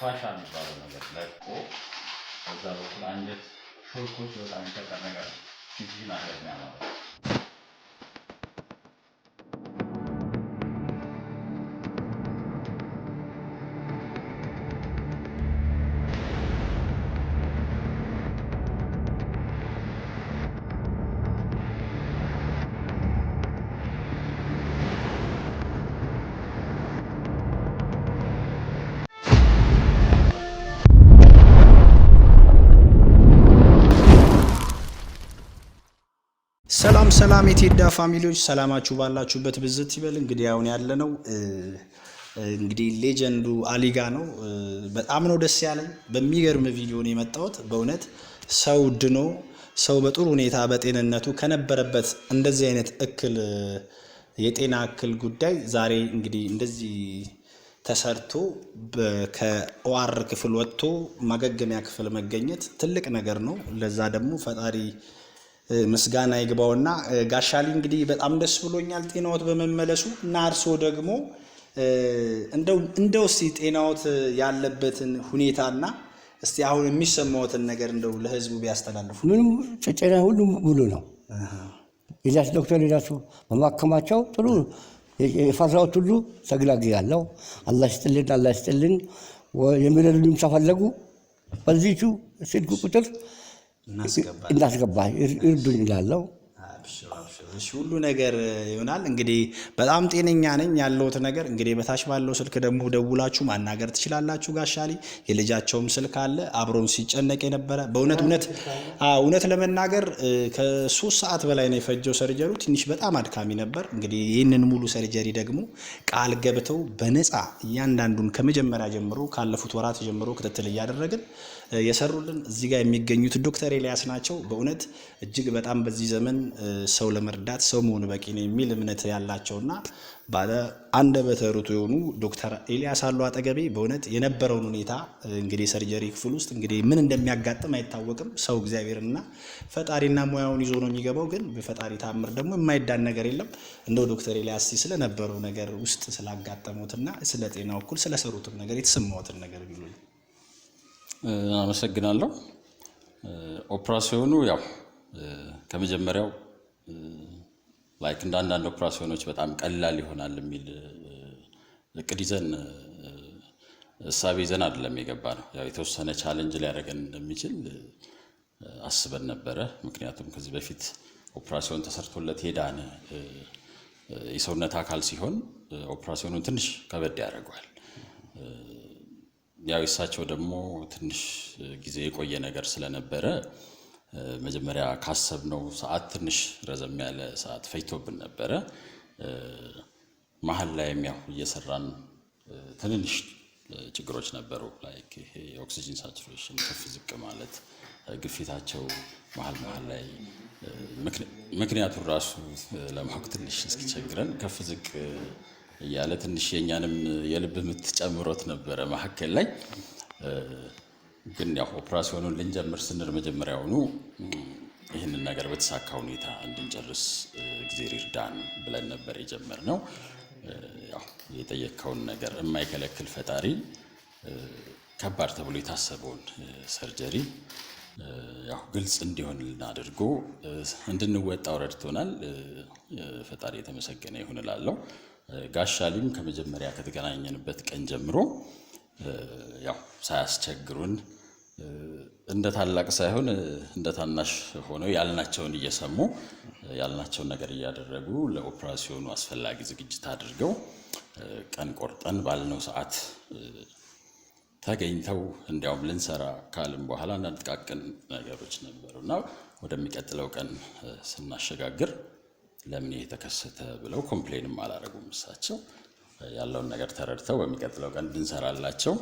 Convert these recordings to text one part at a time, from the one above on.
ፋሻ የሚባለው ነገር ለቆ በዛ በኩል አንጀት ሾልኮ በጣም ይጠቀነጋል ነገር አገር ነው ሰላም ሰላም የቴዳ ፋሚሊዎች ሰላማችሁ ባላችሁበት ብዝት ይበል። እንግዲህ አሁን ያለነው እንግዲህ ሌጀንዱ አሊጋ ነው። በጣም ነው ደስ ያለኝ። በሚገርም ቪዲዮ ነው የመጣሁት። በእውነት ሰው ድኖ ሰው በጥሩ ሁኔታ በጤንነቱ ከነበረበት እንደዚህ አይነት እክል የጤና እክል ጉዳይ ዛሬ እንግዲህ እንደዚህ ተሰርቶ ከኦአር ክፍል ወጥቶ ማገገሚያ ክፍል መገኘት ትልቅ ነገር ነው። ለዛ ደግሞ ፈጣሪ ምስጋና ይግባውና ጋሻሊ እንግዲህ በጣም ደስ ብሎኛል ጤናዎት በመመለሱ እና እርሶ ደግሞ እንደው እስቲ ጤናዎት ያለበትን ሁኔታና እስቲ አሁን የሚሰማዎትን ነገር እንደው ለህዝቡ ቢያስተላልፉ። ምንም ጭጭና ሁሉ ሙሉ ነው። የዳስ ዶክተር የዳሱ በማከማቸው ጥሩ የፈራሁት ሁሉ ተግላግ ያለው አላህ ይስጥልን፣ አላህ ይስጥልን የሚለሉኝም ተፈለጉ በዚቹ ስልክ ቁጥር እናስገባ እርዱኝ እላለሁ። ሁሉ ነገር ይሆናል። እንግዲህ በጣም ጤነኛ ነኝ ያለሁት ነገር እንግዲህ በታች ባለው ስልክ ደግሞ ደውላችሁ ማናገር ትችላላችሁ። ጋሻሊ የልጃቸውም ስልክ አለ። አብሮን ሲጨነቅ የነበረ በእውነት እውነት እውነት ለመናገር ከሶስት ሰዓት በላይ ነው የፈጀው ሰርጀሩ። ትንሽ በጣም አድካሚ ነበር። እንግዲህ ይህንን ሙሉ ሰርጀሪ ደግሞ ቃል ገብተው በነፃ እያንዳንዱን ከመጀመሪያ ጀምሮ ካለፉት ወራት ጀምሮ ክትትል እያደረግን የሰሩልን እዚህ ጋር የሚገኙት ዶክተር ኤልያስ ናቸው። በእውነት እጅግ በጣም በዚህ ዘመን ሰው ለመርዳት ሰው መሆን በቂ ነው የሚል እምነት ያላቸውና ባለ አንደበተ ርቱዕ የሆኑ ዶክተር ኤልያስ አሉ አጠገቤ። በእውነት የነበረውን ሁኔታ እንግዲህ ሰርጀሪ ክፍል ውስጥ እንግዲህ ምን እንደሚያጋጥም አይታወቅም። ሰው እግዚአብሔርና ፈጣሪና ሙያውን ይዞ ነው የሚገባው። ግን በፈጣሪ ታምር ደግሞ የማይዳን ነገር የለም። እንደው ዶክተር ኤልያስ ስለነበረው ነገር ውስጥ ስላጋጠሙትና ስለ ጤናው እኩል ስለሰሩትም ነገር የተሰማዎትን ነገር ቢሉኝ አመሰግናለሁ። ኦፕራሲዮኑ ያው ከመጀመሪያው ላይክ እንደ አንዳንድ ኦፕራሲዮኖች በጣም ቀላል ይሆናል የሚል እቅድ ይዘን እሳቤ ይዘን አይደለም የገባ ነው። ያው የተወሰነ ቻለንጅ ሊያደርገን እንደሚችል አስበን ነበረ። ምክንያቱም ከዚህ በፊት ኦፕራሲዮን ተሰርቶለት ሄዳን የሰውነት አካል ሲሆን ኦፕራሲዮኑን ትንሽ ከበድ ያደርገዋል። ያው እሳቸው ደግሞ ትንሽ ጊዜ የቆየ ነገር ስለነበረ መጀመሪያ ካሰብነው ሰዓት ትንሽ ረዘም ያለ ሰዓት ፈጅቶብን ነበረ። መሀል ላይም ያው እየሰራን ትንንሽ ችግሮች ነበሩ። ላይክ ይሄ የኦክሲጂን ሳቹሬሽን ከፍ ዝቅ ማለት፣ ግፊታቸው መሀል መሀል ላይ ምክንያቱን ራሱ ለማወቅ ትንሽ እስኪቸግረን ከፍ ዝቅ እያለ ትንሽ የኛንም የልብ ምት ጨምሮት ነበረ መሀከል ላይ። ግን ያው ኦፕራሲዮኑን ልንጀምር ስንል መጀመሪያውኑ ይህንን ነገር በተሳካ ሁኔታ እንድንጨርስ እግዜር ይርዳን ብለን ነበር የጀመርነው። የጠየቅከውን ነገር የማይከለክል ፈጣሪ ከባድ ተብሎ የታሰበውን ሰርጀሪ ያው ግልጽ እንዲሆንልን አድርጎ እንድንወጣው ረድቶናል። ፈጣሪ የተመሰገነ ይሁን ጋሻሊም ከመጀመሪያ ከተገናኘንበት ቀን ጀምሮ ያው ሳያስቸግሩን እንደ ታላቅ ሳይሆን እንደ ታናሽ ሆነው ያልናቸውን እየሰሙ ያልናቸውን ነገር እያደረጉ ለኦፕራሲዮኑ አስፈላጊ ዝግጅት አድርገው ቀን ቆርጠን ባልነው ሰዓት ተገኝተው እንዲያውም ልንሰራ ካልን በኋላ አንዳንድ ጥቃቅን ነገሮች ነበሩ እና ወደሚቀጥለው ቀን ስናሸጋግር ለምን የተከሰተ ብለው ኮምፕሌንም አላደረጉም። እሳቸው ያለውን ነገር ተረድተው በሚቀጥለው ቀን እንድንሰራላቸው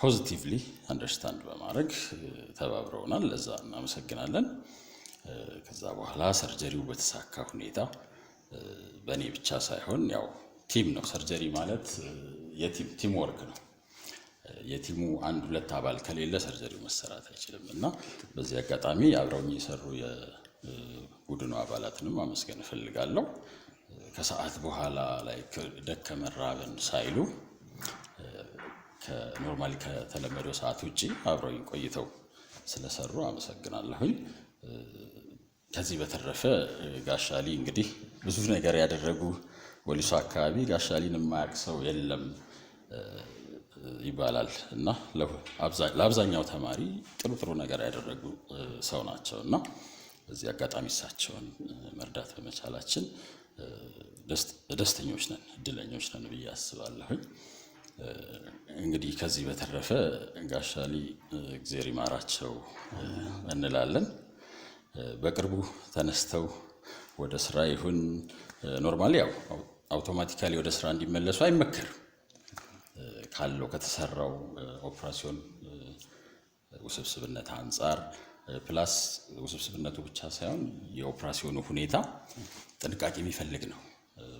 ፖዚቲቭሊ አንደርስታንድ በማድረግ ተባብረውናል። ለዛ እናመሰግናለን። ከዛ በኋላ ሰርጀሪው በተሳካ ሁኔታ በእኔ ብቻ ሳይሆን ያው ቲም ነው። ሰርጀሪ ማለት የቲም ወርክ ነው። የቲሙ አንድ ሁለት አባል ከሌለ ሰርጀሪው መሰራት አይችልም እና በዚህ አጋጣሚ አብረውኝ የሰሩ ቡድኑ አባላትንም አመስገን እፈልጋለሁ። ከሰዓት በኋላ ላይ ደከመን ራበን ሳይሉ ኖርማሊ ከተለመደው ሰዓት ውጭ አብረውኝ ቆይተው ስለሰሩ አመሰግናለሁኝ። ከዚህ በተረፈ ጋሻሊ እንግዲህ ብዙ ነገር ያደረጉ ወሊሶ አካባቢ ጋሻሊን የማያውቅ ሰው የለም ይባላል እና ለአብዛኛው ተማሪ ጥሩ ጥሩ ነገር ያደረጉ ሰው ናቸው እና በዚህ አጋጣሚ እሳቸውን መርዳት በመቻላችን ደስተኞች ነን፣ እድለኞች ነን ብዬ አስባለሁኝ። እንግዲህ ከዚህ በተረፈ ጋሻሊ እግዜር ይማራቸው እንላለን። በቅርቡ ተነስተው ወደ ስራ ይሁን ኖርማሊ ያው አውቶማቲካሊ ወደ ስራ እንዲመለሱ አይመከርም። ካለው ከተሰራው ኦፕራሲዮን ውስብስብነት አንጻር ፕላስ ውስብስብነቱ ብቻ ሳይሆን የኦፕራሲዮኑ ሁኔታ ጥንቃቄ የሚፈልግ ነው።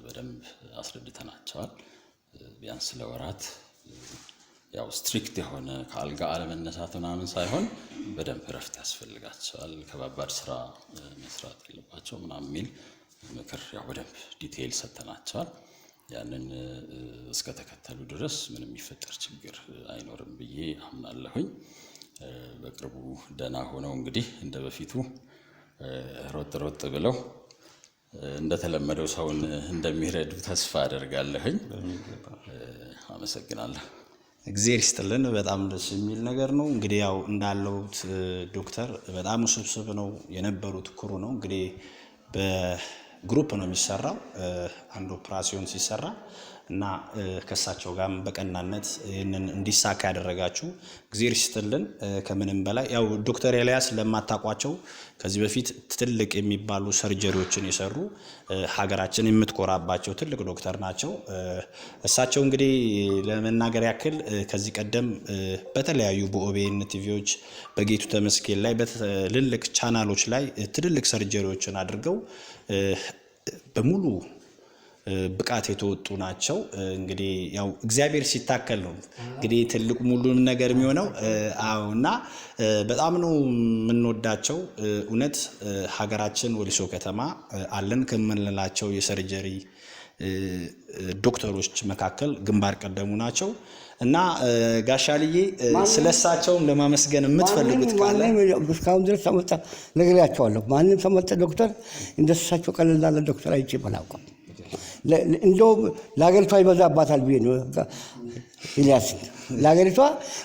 በደንብ አስረድተናቸዋል። ቢያንስ ለወራት ያው ስትሪክት የሆነ ከአልጋ አለመነሳት ምናምን ሳይሆን በደንብ እረፍት ያስፈልጋቸዋል። ከባባድ ስራ መስራት ያለባቸው ምናምን የሚል ምክር ያው በደንብ ዲቴይል ሰጥተናቸዋል። ያንን እስከተከተሉ ድረስ ምንም የሚፈጠር ችግር አይኖርም ብዬ አምናለሁኝ። በቅርቡ ደህና ሆነው እንግዲህ እንደ በፊቱ ሮጥ ሮጥ ብለው እንደተለመደው ሰውን እንደሚረዱ ተስፋ አደርጋለሁኝ። አመሰግናለሁ። እግዜር ይስጥልን። በጣም ደስ የሚል ነገር ነው። እንግዲህ ያው እንዳለውት ዶክተር በጣም ውስብስብ ነው የነበሩት ክሩ ነው እንግዲህ በግሩፕ ነው የሚሰራው። አንድ ኦፕራሲዮን ሲሰራ እና ከእሳቸው ጋርም በቀናነት ይህንን እንዲሳካ ያደረጋችሁ እግዜር ይስጥልን። ከምንም በላይ ያው ዶክተር ኤልያስ ለማታቋቸው ከዚህ በፊት ትልቅ የሚባሉ ሰርጀሪዎችን የሰሩ ሀገራችን የምትኮራባቸው ትልቅ ዶክተር ናቸው። እሳቸው እንግዲህ ለመናገር ያክል ከዚህ ቀደም በተለያዩ በኦቤን ቲቪዎች፣ በጌቱ ተመስገን ላይ በትልልቅ ቻናሎች ላይ ትልልቅ ሰርጀሪዎችን አድርገው በሙሉ ብቃት የተወጡ ናቸው። እንግዲህ ያው እግዚአብሔር ሲታከል ነው እንግዲህ ትልቁ ሙሉንም ነገር የሚሆነው። አዎ እና በጣም ነው የምንወዳቸው። እውነት ሀገራችን ወሊሶ ከተማ አለን ከምንላቸው የሰርጀሪ ዶክተሮች መካከል ግንባር ቀደሙ ናቸው እና ጋሻልዬ ስለሳቸውም ለማመስገን የምትፈልጉት ካለ እስካሁን ድረስ ተመጣ ነግሬያቸዋለሁ። ማንም ተመጣ ዶክተር እንደሳቸው ቀለል ያለ ዶክተር አይቼ አላውቅም። እንደውም ለሀገሪቷ ይበዛባታል ብዬ ነው። ኢልያስ ለሀገሪቷ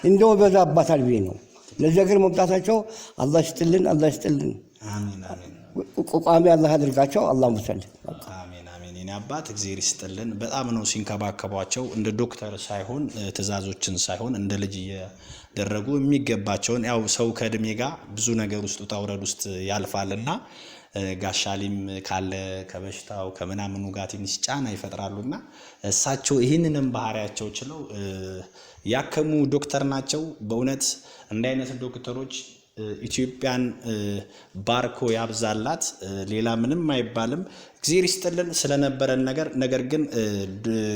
እንደው ይበዛባታል ብዬ ነው። ለዚህ ሀገር መምጣታቸው አላ ይስጥልን፣ አላ ይስጥልን። ቋሚ አላ አድርጋቸው። አላ ሙሰል አባት እግዚአብሔር ይስጥልን። በጣም ነው ሲንከባከቧቸው፣ እንደ ዶክተር ሳይሆን ትእዛዞችን ሳይሆን እንደ ልጅ እየደረጉ የሚገባቸውን ያው ሰው ከእድሜ ጋር ብዙ ነገር ውስጥ ውጣ ውረድ ውስጥ ያልፋልና ጋሻሊም ካለ ከበሽታው ከምናምኑ ጋር ትንሽ ጫና ይፈጥራሉ እና እሳቸው ይህንንም ባህሪያቸው ችለው ያከሙ ዶክተር ናቸው። በእውነት እንዲህ አይነት ዶክተሮች ኢትዮጵያን ባርኮ ያብዛላት። ሌላ ምንም አይባልም። እግዜር ይስጥልን ስለነበረን ነገር። ነገር ግን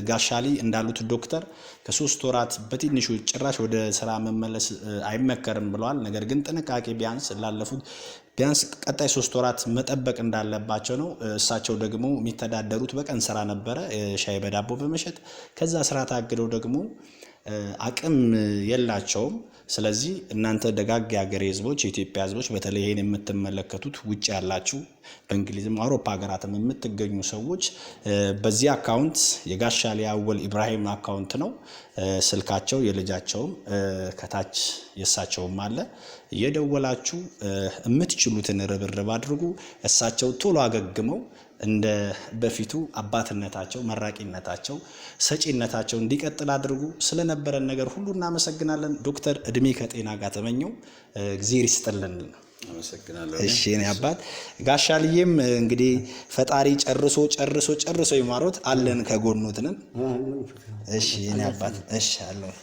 ጋሻሊ እንዳሉት ዶክተር ከሶስት ወራት በትንሹ ጭራሽ ወደ ስራ መመለስ አይመከርም ብለዋል። ነገር ግን ጥንቃቄ ቢያንስ ላለፉት ቢያንስ ቀጣይ ሶስት ወራት መጠበቅ እንዳለባቸው ነው። እሳቸው ደግሞ የሚተዳደሩት በቀን ስራ ነበረ፣ ሻይ በዳቦ በመሸጥ ከዛ ስራ ታግደው ደግሞ አቅም የላቸውም። ስለዚህ እናንተ ደጋግ የሀገሬ ህዝቦች የኢትዮጵያ ህዝቦች በተለይ ይህን የምትመለከቱት ውጭ ያላችሁ በእንግሊዝም አውሮፓ ሀገራትም የምትገኙ ሰዎች በዚህ አካውንት የጋሻ ሊያወል ኢብራሂም አካውንት ነው። ስልካቸው የልጃቸውም ከታች የእሳቸውም አለ። እየደወላችሁ የምትችሉትን ርብርብ አድርጉ። እሳቸው ቶሎ አገግመው እንደ በፊቱ አባትነታቸው፣ መራቂነታቸው፣ ሰጪነታቸው እንዲቀጥል አድርጉ። ስለነበረን ነገር ሁሉ እናመሰግናለን። ዶክተር እድሜ ከጤና ጋር ተመኘው እግዜር ይስጥልን። እሺ እኔ አባት ጋሻልዬም እንግዲህ ፈጣሪ ጨርሶ ጨርሶ ጨርሶ ይማሮት አለን ከጎኖትንን። እሺ እኔ አባት እሺ አለው